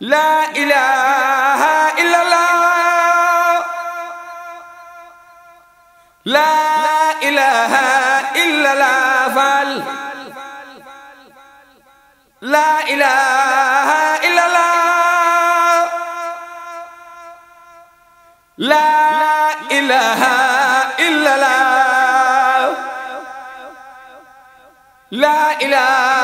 laa ilaaha illallah laa ilaaha illallah faal laa ilaaha illallah laa ilaaha illallah laa ilaaha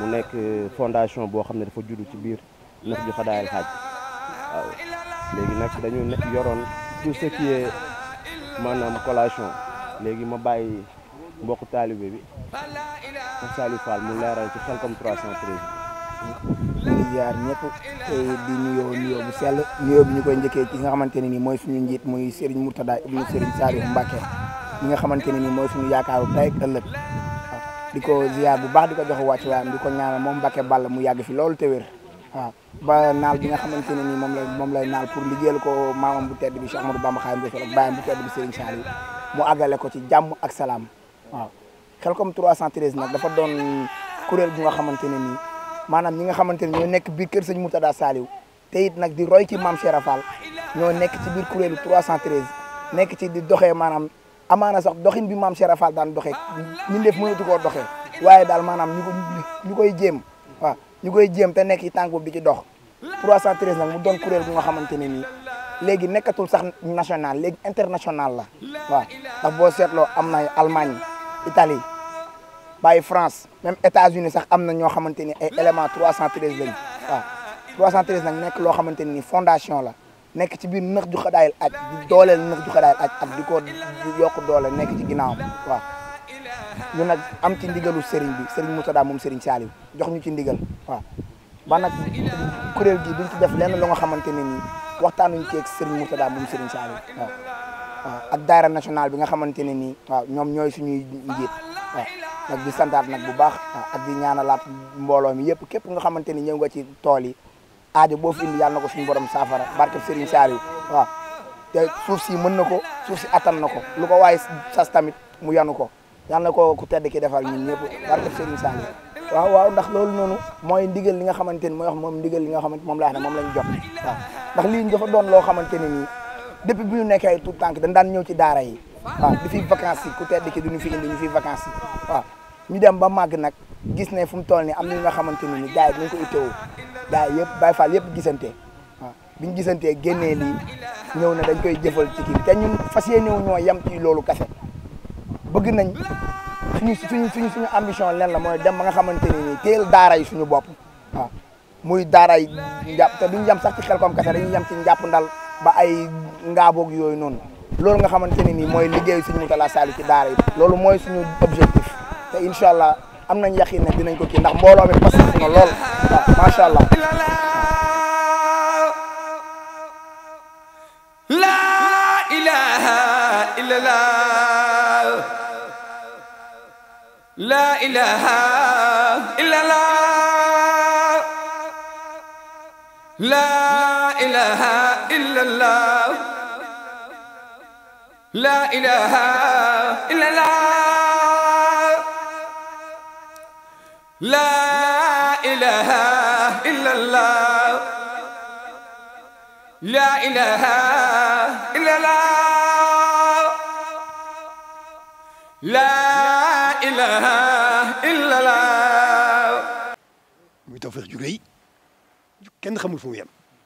mu nekk fondation boo xam ne dafa juddu ci biir naf ju xadaayal xaaj léegi nag dañu ne yoroon tout ce qui naa maanaam collation léegi ma bàyyi mbokk taalibe bi ak Saliou Fall mu leeral ci Khelcom 313. ñu ngi jaar ñëpp mu nuyoo nuyoo bu sell nuyoo bi ñu koy njëkkee ci nga xamante ne nii mooy suñu njiit muy Serigne Mourtada ibnu Serigne Saliou Mbacké ñi nga xamante ne nii mooy suñu yaakaaru tey ëllëg. di ko ziar bu baax di ko jox wàccu waayam di ko ñaanal moom Mbacke Balla mu yàgg fi loolu te wér ba naal bi nga xamante ne nii moom lay moom lay naal pour liggéeyal ko maamam bu tedd bi bu tedd bi mu àggale ko ci jàmm ak salaam waaw Khelcom 313 nag dafa doon kuréel bu nga xamante ne nii maanaam ñi nga xamante ni ñoo nekk biir kër sëñ Murtada Saliou te it nag di roy ci maam Cheikh Rafal ñoo nekk ci di doxee maanaam amaana sax doxin bi maam Cheikh Fall daan doxee ñun def mënatu koo doxee waaye daal maanaam ñu ko ñu koy jéem waaw ñu koy jéem te nekk ci tànk bi di ci dox 313 nag mu don kuréel bu nga xamante ne nii léegi nekkatul sax national léegi international la waaw ndax boo seetloo am na ay Allemagne Italie bàyyi France même États-Unis sax am na ñoo xamante ni ay éléments 313 lañu waaw 313 nag nekk loo xamante ni fondation la. nekk ci biir nëx ju xadaayil aj dooleel nëx ju xadaayil aj ak di ko yokk doole nekk ci ginnaawam waaw ñu nag am ci ndigalu Serigne bi Serigne Mourtada moom Serigne Saliou jox ñu ci ndigal waaw ba nag kuréel gi duñ ci def lenn lu nga xamante ne nii waxtaanuñ ci ak Serigne Mourtada moom Serigne Saliou waaw waaw ak daayira national bi nga xamante ne nii ñoom ñooy suñuy njiit waaw nag di santaat nag bu baax ak di ñaanalaat mbooloo mi yëpp képp nga xamante ni ñëw nga ci tool yi aajo boo fi indi yàlla na ko suñu borom saafara barkeb Serigne Saliou waaw te suuf si mën na ko suuf si attan na ko lu ko waaye sas tamit mu yanu ko yàlla na ko ku tedd ki defal ñun ñëpp barkeb Serigne Saliou waaw waaw ndax loolu noonu mooy ndigal li nga xamante ni mooy moom ndigal li nga xamante moom laa wax ne moom lañ jot waaw ndax lii dafa doon loo xamante ni nii depuis bi ñu nekkee tout temps dañ daan ñëw ci daara yi waaw di fi yi ku tedd ki du ñu fi indi ñu fi vacances yi ñu dem ba màgg nag gis ne fu mu toll ni am na ñu nga xamante ni ni gars yi dañ ko gaa yëpp Baye Fall yëpp gisante waaw bi ñu gisantee génnee lii ñëw na dañ koy jëfal ci kii te ñun fas yéene ñoo yem ci loolu kase bëgg nañ suñu suñu suñu suñu ambition leen la mooy dem ba nga xamante ne nii teel daara yi suñu bopp waaw muy daara yi njàpp te duñu yem sax ci Xelcom kese dañuy yem ci njàpp ndal ba ay ngaaboog yooyu noonu loolu nga xamante ne nii mooy liggéey liggéeyu suñu Moutalla Sall ci daara loolu mooy suñu objectif te incha am nañ yaqin la ilaha illallah laa ilaaha illallaah laa ilaaha illallaah laa ilaaha illallaah muy tawfeex ju rëy kenn xamul fu mu yem